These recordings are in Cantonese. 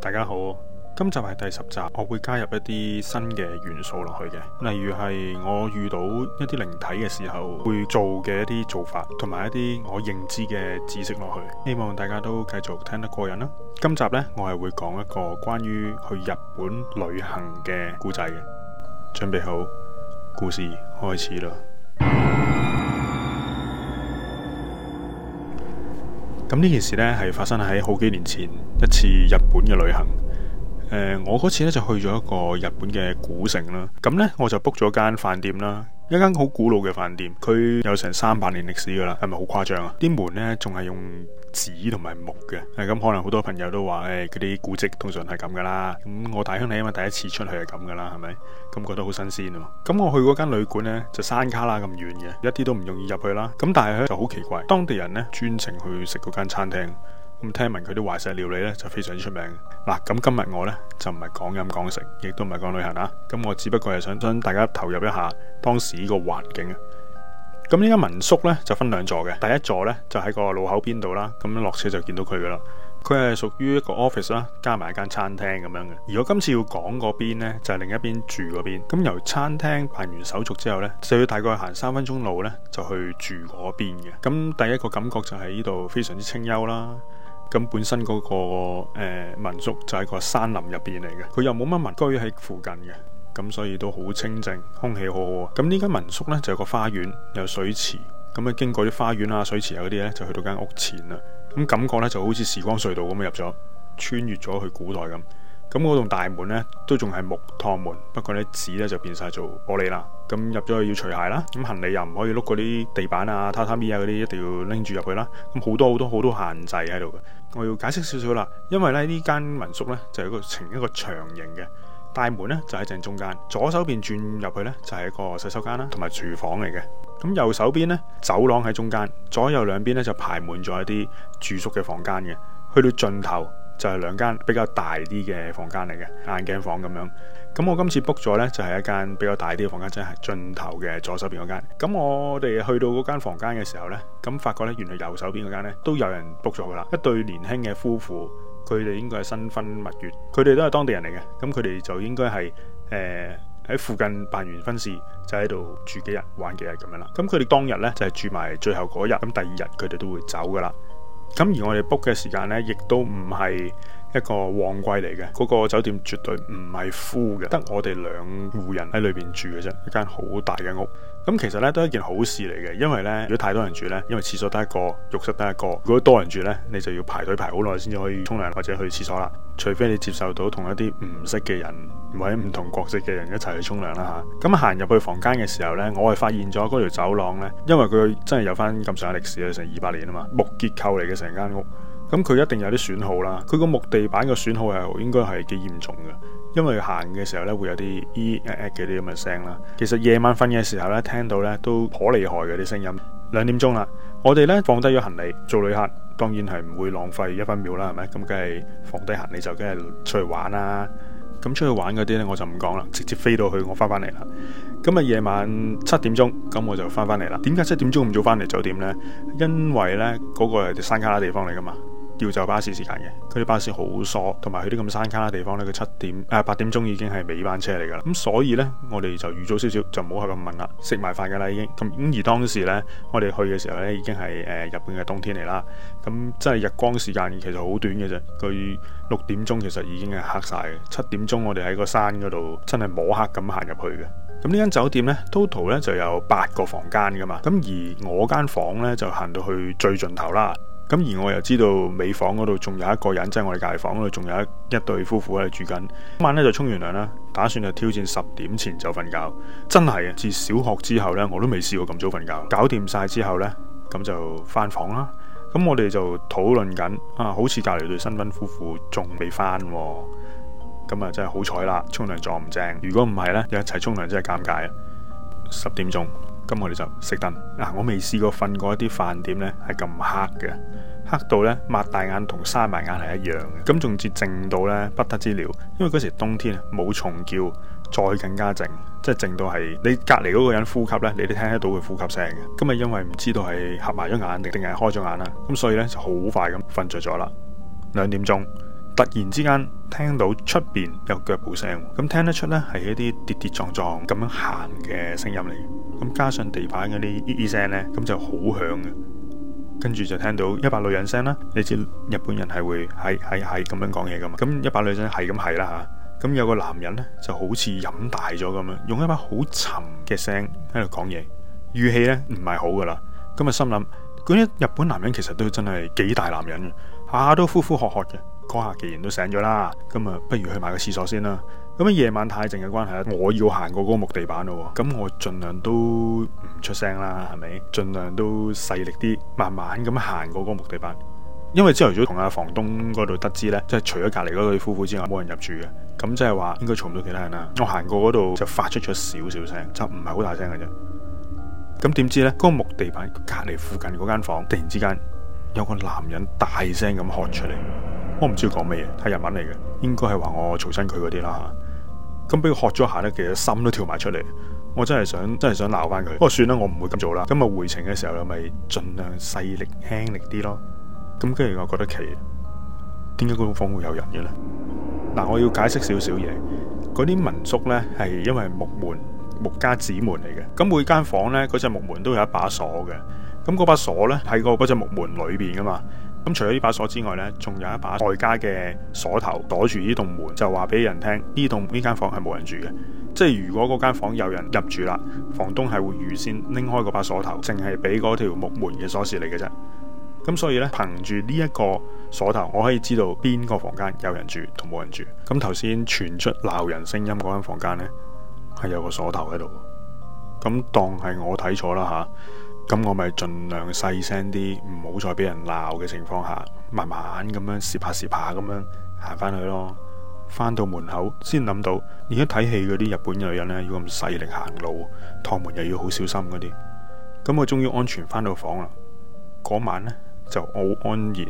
大家好，今集係第十集，我會加入一啲新嘅元素落去嘅，例如係我遇到一啲靈體嘅時候會做嘅一啲做法，同埋一啲我認知嘅知識落去，希望大家都繼續聽得過癮啦。今集呢，我係會講一個關於去日本旅行嘅故仔嘅，準備好。故事開始啦！咁呢件事呢，係發生喺好幾年前一次日本嘅旅行。呃、我嗰次呢，就去咗一個日本嘅古城啦。咁呢，我就 book 咗間飯店啦，一間好古老嘅飯店，佢有成三百年歷史噶啦，係咪好誇張啊？啲門呢，仲係用紙同埋木嘅，咁、嗯、可能好多朋友都話，誒、哎，嗰啲古蹟通常係咁噶啦，咁、嗯、我大鄉里因為第一次出去係咁噶啦，係咪？咁、嗯、覺得好新鮮啊，咁、嗯、我去嗰間旅館呢，就山卡拉咁遠嘅，一啲都唔容易入去啦，咁、嗯、但係呢就好奇怪，當地人呢專程去食嗰間餐廳，咁、嗯、聽聞佢啲懷石料理呢，就非常之出名。嗱、嗯，咁、嗯、今日我呢，就唔係講飲講食，亦都唔係講旅行啊，咁、嗯、我只不過係想將大家投入一下當時呢個環境啊。咁呢間民宿咧就分兩座嘅，第一座咧就喺個路口邊度啦，咁落車就見到佢噶啦。佢係屬於一個 office 啦，加埋一間餐廳咁樣嘅。而我今次要講嗰邊咧就係另一邊住嗰邊。咁由餐廳辦完手續之後咧，就要大概行三分鐘路咧就去住嗰邊嘅。咁第一個感覺就係呢度非常之清幽啦。咁本身嗰個誒民宿就喺個山林入邊嚟嘅，佢又冇乜民居喺附近嘅。咁所以都好清淨，空氣好好。咁呢間民宿呢，就有個花園，有水池，咁啊經過啲花園啊、水池啊嗰啲呢，就去到間屋前啦。咁感覺呢，就好似時光隧道咁啊入咗，穿越咗去古代咁。咁嗰棟大門呢，都仲係木趟門，不過呢，紙呢，就變晒做玻璃啦。咁入咗去要除鞋啦，咁行李又唔可以碌嗰啲地板啊、榻榻米啊嗰啲，一定要拎住入去啦。咁好多好多好多限制喺度嘅，我要解釋少少啦。因為咧呢間民宿呢，就係一個呈一個長形嘅。大門咧就喺正中間，左手邊轉入去呢就係一個洗手間啦，同埋廚房嚟嘅。咁右手邊呢，走廊喺中間，左右兩邊呢就排滿咗一啲住宿嘅房間嘅。去到盡頭就係兩間比較大啲嘅房間嚟嘅，眼鏡房咁樣。咁我今次 book 咗呢就係一間比較大啲嘅房間，即係盡頭嘅左手邊嗰間。咁我哋去到嗰間房間嘅時候呢，咁發覺呢，原來右手邊嗰間呢都有人 book 咗噶啦，一對年輕嘅夫婦。佢哋應該係新婚蜜月，佢哋都係當地人嚟嘅，咁佢哋就應該係誒喺附近辦完婚事就喺度住幾日玩幾日咁樣啦。咁佢哋當日呢就係住埋最後嗰日，咁第二日佢哋都會走㗎喇。咁而我哋 book 嘅時間呢，亦都唔係。一個旺季嚟嘅，嗰、那個酒店絕對唔係 full 嘅，得我哋兩戶人喺裏邊住嘅啫，一間好大嘅屋。咁其實呢都係一件好事嚟嘅，因為呢，如果太多人住呢，因為廁所得一個，浴室得一個，如果多人住呢，你就要排隊排好耐先至可以沖涼或者去廁所啦。除非你接受到同一啲唔識嘅人，或者唔同國籍嘅人一齊去沖涼啦吓。咁行入去房間嘅時候呢，我係發現咗嗰條走廊呢，因為佢真係有返咁上下歷史啊，成二百年啊嘛，木結構嚟嘅成間屋。咁佢一定有啲損耗啦。佢個木地板嘅損耗係應該係幾嚴重嘅，因為行嘅時候咧會有啲咦咦啲咁嘅聲啦。其實夜晚瞓嘅時候咧聽到咧都頗厲害嘅啲聲音。兩點鐘啦，我哋咧放低咗行李。做旅客當然係唔會浪費一分秒啦，係咪？咁梗係放低行李就梗係出去玩啦。咁出去玩嗰啲咧我就唔講啦，直接飛到去我翻返嚟啦。咁咪夜晚七點鐘咁我就翻返嚟啦。點解七點鐘咁早翻嚟酒店咧？因為咧嗰個係啲山卡拉地方嚟噶嘛。叫走巴士時間嘅，佢啲巴士好疏，同埋去啲咁山卡嘅地方咧，佢七點啊八點鐘已經係尾班車嚟㗎啦。咁所以咧，我哋就預早少少，就唔好去咁問啦。食埋飯㗎啦，已經。咁、嗯、而當時咧，我哋去嘅時候咧，已經係誒、呃、日本嘅冬天嚟啦。咁、嗯、真係日光時間其實好短嘅啫，佢、呃、六點鐘其實已經係黑晒嘅，七點鐘我哋喺個山嗰度真係摸黑咁行入去嘅。咁呢間酒店咧 Total 咧就有八個房間㗎嘛。咁而我間房咧就行到去最盡頭啦。咁而我又知道美房嗰度仲有一個人，即係我哋隔籬房嗰度仲有一一對夫婦喺度住緊。今晚咧就沖完涼啦，打算就挑戰十點前就瞓覺。真係啊，自小學之後呢，我都未試過咁早瞓覺。搞掂晒之後呢，咁就翻房啦。咁我哋就討論緊，啊，好似隔離對新婚夫婦仲未翻喎。咁啊，真係好彩啦，沖涼撞唔正。如果唔係呢，一齊沖涼真係尷尬啊！十點鐘。咁我哋就熄燈。嗱，我未試過瞓過一啲飯店咧係咁黑嘅，黑到咧擘大眼同閂埋眼係一樣嘅。咁仲至靜到咧不得之了，因為嗰時冬天啊冇蟲叫，再更加靜，即係靜到係你隔籬嗰個人呼吸咧，你都聽得到佢呼吸聲嘅。咁咪因為唔知道係合埋咗眼定定係開咗眼啦，咁所以咧就好快咁瞓着咗啦，兩點鐘。突然之間聽到出邊有腳步聲，咁聽得出呢係一啲跌跌撞撞咁樣行嘅聲音嚟。咁加上地板嗰啲咿咿聲呢，咁就好響嘅。跟住就聽到一把女人聲啦。你知日本人係會係係係咁樣講嘢噶嘛？咁一把女人聲係咁係啦吓。咁有個男人呢就好似飲大咗咁樣，用一把好沉嘅聲喺度講嘢，語氣呢唔係好噶啦。咁啊心諗嗰啲日本男人其實都真係幾大男人嘅，下下都呼呼喝喝嘅。哥下既然都醒咗啦，咁啊不如去埋個廁所先啦。咁啊夜晚太靜嘅關係，我要行過嗰個木地板咯。咁我盡量都唔出聲啦，係咪？盡量都細力啲，慢慢咁行過嗰個木地板。因為朝頭早同阿房東嗰度得知呢，即係除咗隔籬嗰對夫婦之外，冇人入住嘅。咁即係話應該藏唔到其他人啦。我行過嗰度就發出咗少少聲，就唔係好大聲嘅啫。咁點知呢？嗰、那個木地板隔籬附近嗰間房間突然之間有個男人大聲咁喝出嚟。我唔知要講咩嘢，係日文嚟嘅，應該係話我嘈親佢嗰啲啦吓。咁俾佢喝咗下咧，其實心都跳埋出嚟。我真係想，真係想鬧翻佢。不過算啦，我唔會咁做啦。今日回程嘅時候咧，咪盡量細力輕力啲咯。咁跟住我覺得奇，點解嗰種房會有人嘅咧？嗱，我要解釋少少嘢。嗰啲民宿咧係因為木門、木家子門嚟嘅。咁每間房咧嗰隻木門都有一把鎖嘅。咁嗰把鎖咧喺嗰隻木門裏邊噶嘛。咁除咗呢把鎖之外呢，仲有一把外加嘅鎖頭，鎖住呢棟門，就話俾人聽呢棟呢間房係冇人住嘅。即係如果嗰間房有人入住啦，房東係會預先拎開嗰把鎖頭，淨係俾嗰條木門嘅鎖匙嚟嘅啫。咁所以呢，憑住呢一個鎖頭，我可以知道邊個房間有人住同冇人住。咁頭先傳出鬧人聲音嗰間房間呢，係有個鎖頭喺度，咁當係我睇錯啦吓。咁我咪儘量細聲啲，唔好再俾人鬧嘅情況下，慢慢咁樣時怕時怕咁樣行翻去咯。翻到門口先諗到，而家睇戲嗰啲日本女人呢，要咁細力行路，趟門又要好小心嗰啲。咁我終於安全翻到房啦。嗰晚呢，就好安然。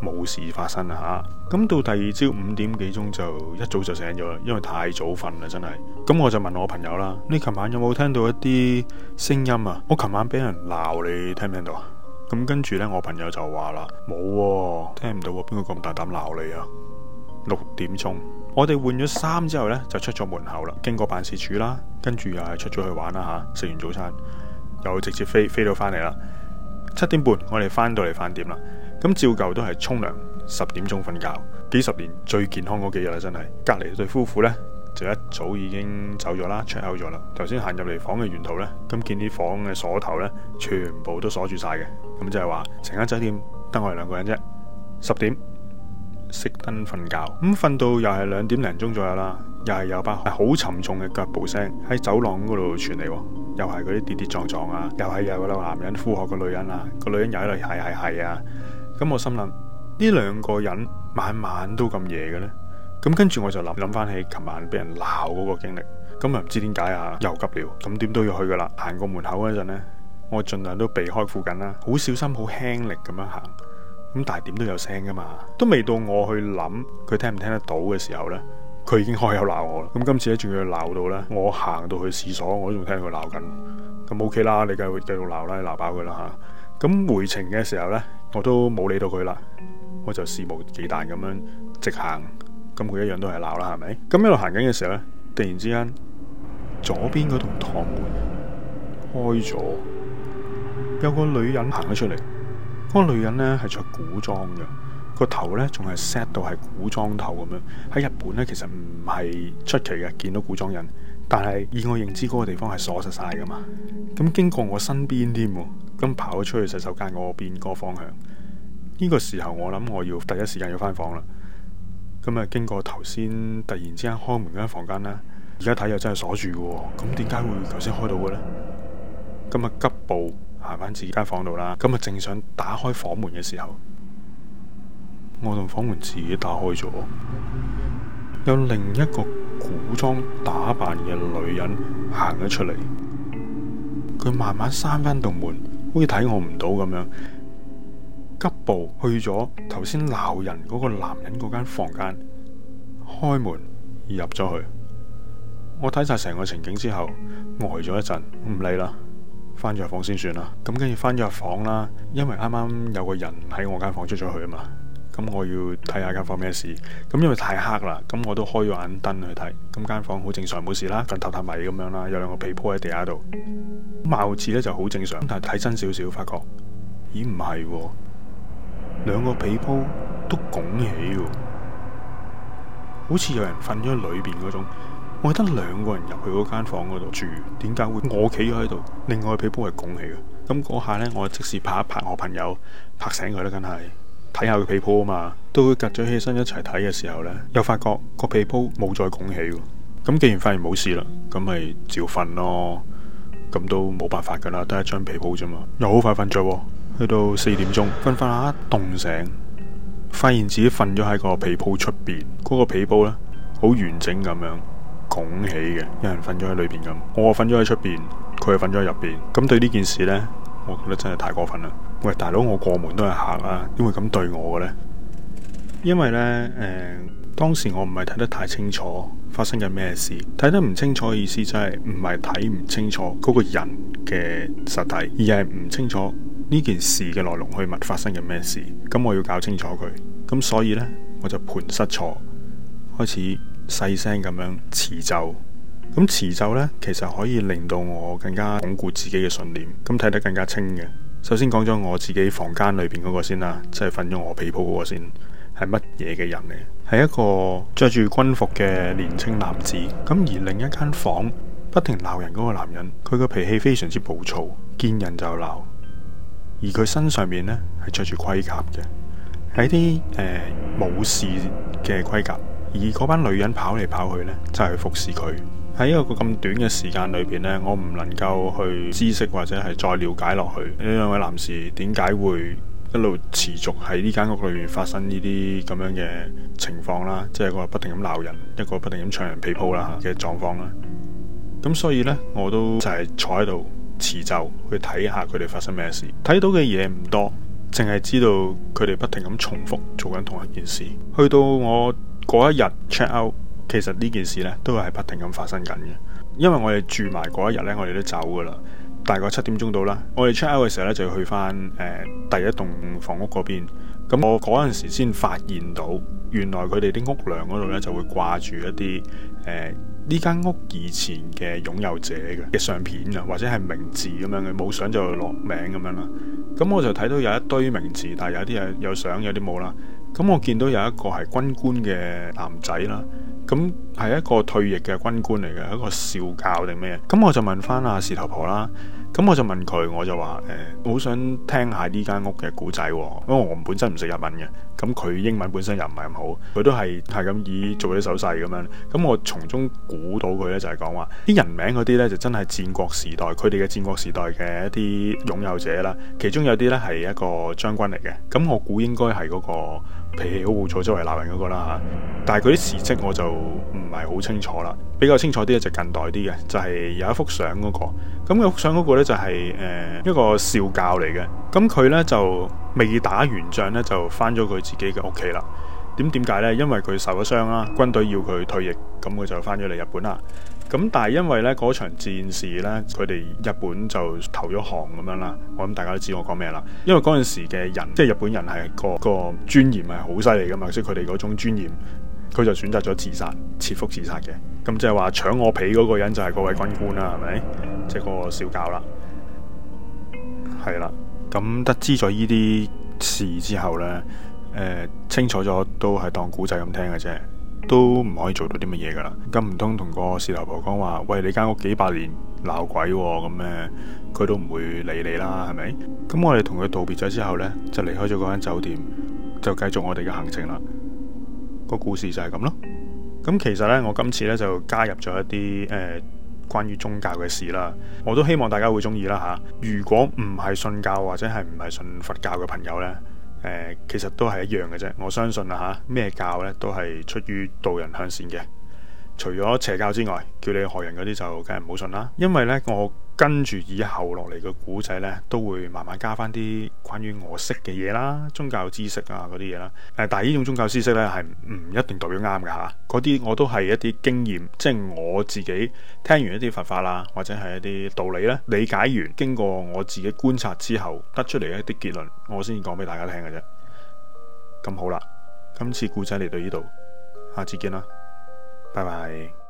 冇事發生啊！嚇，咁到第二朝五點幾鐘就一早就醒咗啦，因為太早瞓啦，真係。咁我就問我朋友啦：你琴晚有冇聽到一啲聲音啊？我琴晚俾人鬧你，聽唔聽到啊？咁跟住咧，我朋友就話啦：冇喎，聽唔到喎，邊個咁大膽鬧你啊？六點鐘，我哋換咗衫之後咧，就出咗門口啦，經過辦事處啦，跟住又係出咗去玩啦嚇。食完早餐又直接飛飛到返嚟啦。七點半，我哋返到嚟飯店啦。咁照舊都係沖涼，十點鐘瞓覺，幾十年最健康嗰幾日啦，真係。隔離對夫婦咧，就一早已經走咗啦，check out 咗啦。頭先行入嚟房嘅沿途咧，咁見啲房嘅鎖頭咧，全部都鎖住曬嘅。咁就係話，成間酒店得我哋兩個人啫。十點熄燈瞓覺，咁瞓到又係兩點零鐘左右啦，又係有把好沉重嘅腳步聲喺走廊嗰度傳嚟，又係嗰啲跌跌撞撞啊，又係有個男人呼喝個女人啦，個女人又喺度係係係啊～咁我心諗呢兩個人晚晚都咁夜嘅？呢。咁跟住我就諗諗翻起琴晚俾人鬧嗰個經歷，咁又唔知點解啊，又急了，咁點都要去噶啦。行過門口嗰陣呢，我盡量都避開附近啦，好小心，好輕力咁樣行。咁但係點都有聲噶嘛，都未到我去諗佢聽唔聽得到嘅時候呢，佢已經開口鬧我啦。咁今次咧仲要鬧到呢，我行到去廁所，我都仲聽佢鬧緊咁。OK 啦，你繼續繼續鬧啦，鬧爆佢啦吓。咁回程嘅時候呢。我都冇理到佢啦，我就肆無忌憚咁樣直行，咁佢一樣都係鬧啦，係咪？咁一路行緊嘅時候咧，突然之間左邊嗰度趟門開咗，有個女人行咗出嚟。嗰、那個女人咧係着古裝嘅，個頭咧仲係 set 到係古裝頭咁樣。喺日本咧其實唔係出奇嘅，見到古裝人。但係以我認知嗰、那個地方係鎖實晒噶嘛，咁經過我身邊添，咁跑咗出去洗手間嗰邊個方向，呢、這個時候我諗我要第一時間要返房啦，咁啊經過頭先突然之間開門嗰間房間啦，而家睇又真係鎖住嘅，咁點解會頭先開到嘅呢？咁啊急步行返自己間房度啦，咁啊正想打開房門嘅時候，我同房門自己打開咗。有另一個古裝打扮嘅女人行咗出嚟，佢慢慢閂翻度門，好似睇我唔到咁樣，急步去咗頭先鬧人嗰個男人嗰間房間，開門入咗去。我睇晒成個情景之後，呆咗一陣，唔理啦，翻咗入房先算啦。咁跟住翻咗入房啦，因為啱啱有個人喺我間房出咗去啊嘛。咁我要睇下間房咩事，咁因為太黑啦，咁我都開咗眼燈去睇，咁間房好正常冇事啦，近榻榻米咁樣啦，有兩個被鋪喺地下度，貌似呢就好正常，但係睇真少少發覺，咦唔係喎，兩個被鋪都拱起喎，好似有人瞓咗裏邊嗰種，我得兩個人入去嗰間房嗰度住，點解會我企咗喺度，另外個被鋪係拱起嘅？咁嗰下呢，我即時拍一拍我朋友，拍醒佢啦，梗係。睇下個被鋪啊嘛，到隔咗起身一齊睇嘅時候呢，又發覺個被鋪冇再拱起，咁既然發現冇事啦，咁咪照瞓咯，咁都冇辦法噶啦，得一張被鋪啫嘛，又好快瞓着，去到四點鐘，瞓瞓下凍醒，發現自己瞓咗喺個被鋪出邊，嗰個被鋪呢，好完整咁樣拱起嘅，有人瞓咗喺裏邊咁，我瞓咗喺出邊，佢係瞓咗喺入邊，咁對呢件事呢，我覺得真係太過分啦。喂，大佬，我過門都係客啦，點會咁對我嘅呢？因為呢，誒、呃，當時我唔係睇得太清楚發生緊咩事，睇得唔清楚意思就係唔係睇唔清楚嗰個人嘅實體，而係唔清楚呢件事嘅來龍去脈，發生緊咩事。咁我要搞清楚佢，咁所以呢，我就盤膝坐，開始細聲咁樣持咒。咁持咒呢，其實可以令到我更加鞏固，固自己嘅信念，咁睇得更加清嘅。首先講咗我自己房間裏邊嗰個先啦，即係瞓咗我被鋪嗰個先係乜嘢嘅人嚟？係一個着住軍服嘅年青男子。咁而另一間房不停鬧人嗰個男人，佢個脾氣非常之暴躁，見人就鬧。而佢身上面呢，係着住盔甲嘅，係啲誒武士嘅盔甲。而嗰班女人跑嚟跑去呢，就係服侍佢。喺一個咁短嘅時間裏邊咧，我唔能夠去知悉或者係再了解落去呢兩位男士點解會一路持續喺呢間屋裏邊發生呢啲咁樣嘅情況啦？即係個不停咁鬧人，一個不停咁唱人被鋪啦嘅狀況啦。咁所以咧，我都就係坐喺度持咒去睇下佢哋發生咩事，睇到嘅嘢唔多，淨係知道佢哋不停咁重複做緊同一件事。去到我嗰一日 check out。其實呢件事呢，都係不停咁發生緊嘅。因為我哋住埋嗰一日呢，我哋都走噶啦，大概七點鐘到啦。我哋 check out 嘅時候呢，就要去返誒、呃、第一棟房屋嗰邊。咁、嗯、我嗰陣時先發現到，原來佢哋啲屋梁嗰度呢，就會掛住一啲誒呢間屋以前嘅擁有者嘅嘅相片啊，或者係名字咁樣嘅，冇相就落名咁樣啦。咁、嗯、我就睇到有一堆名字，但係有啲有有相，有啲冇啦。咁、嗯、我見到有一個係軍官嘅男仔啦。咁係一個退役嘅軍官嚟嘅，一個少教定咩？咁我就問返阿事頭婆啦。咁我就問佢，我就話誒，好想聽下呢間屋嘅古仔。因為我本身唔識日文嘅，咁佢英文本身又唔係咁好，佢都係係咁以做啲手勢咁樣。咁我從中估到佢呢，就係講話啲人名嗰啲呢，就真係戰國時代佢哋嘅戰國時代嘅一啲擁有者啦。其中有啲呢，係一個將軍嚟嘅，咁我估應該係嗰個。脾氣好暴躁，周圍鬧人嗰、那個啦吓，但係佢啲事跡我就唔係好清楚啦，比較清楚啲就是、近代啲嘅，就係、是、有一幅相嗰、那個，咁佢幅相嗰個呢、就是，就係誒一個少教嚟嘅，咁佢呢，就未打完仗呢，就返咗佢自己嘅屋企啦，點點解呢？因為佢受咗傷啦，軍隊要佢退役，咁佢就返咗嚟日本啦。咁但係因為咧嗰場戰事咧，佢哋日本就投咗降咁樣啦。我諗大家都知我講咩啦。因為嗰陣時嘅人，即係日本人係一個個尊嚴係好犀利噶嘛，所以佢哋嗰種尊嚴，佢就選擇咗自殺，切腹自殺嘅。咁即係話搶我被嗰個人就係嗰位軍官啦，係咪？即係嗰個小教啦，係啦。咁得知咗呢啲事之後呢，誒、呃、清楚咗都係當古仔咁聽嘅啫。都唔可以做到啲乜嘢噶啦，咁唔通同個事頭婆講話，喂，你間屋幾百年鬧鬼，哦、咁、嗯、咩？佢都唔會理你啦，係咪？咁我哋同佢道別咗之後呢，就離開咗嗰間酒店，就繼續我哋嘅行程啦。個故事就係咁咯。咁其實呢，我今次呢就加入咗一啲誒、呃，關於宗教嘅事啦，我都希望大家會中意啦吓。如果唔係信教或者係唔係信佛教嘅朋友呢。其實都係一樣嘅啫，我相信啊，吓，咩教呢都係出於導人向善嘅。除咗邪教之外，叫你害人嗰啲就梗係唔好信啦。因為呢，我。跟住以後落嚟嘅古仔呢，都會慢慢加翻啲關於我識嘅嘢啦，宗教知識啊嗰啲嘢啦。但係呢種宗教知識呢，係唔一定代表啱㗎吓。嗰、啊、啲我都係一啲經驗，即係我自己聽完一啲佛法啦，或者係一啲道理咧，理解完經過我自己觀察之後得出嚟一啲結論，我先至講俾大家聽嘅啫。咁好啦，今次古仔嚟到呢度，下次見啦，拜拜。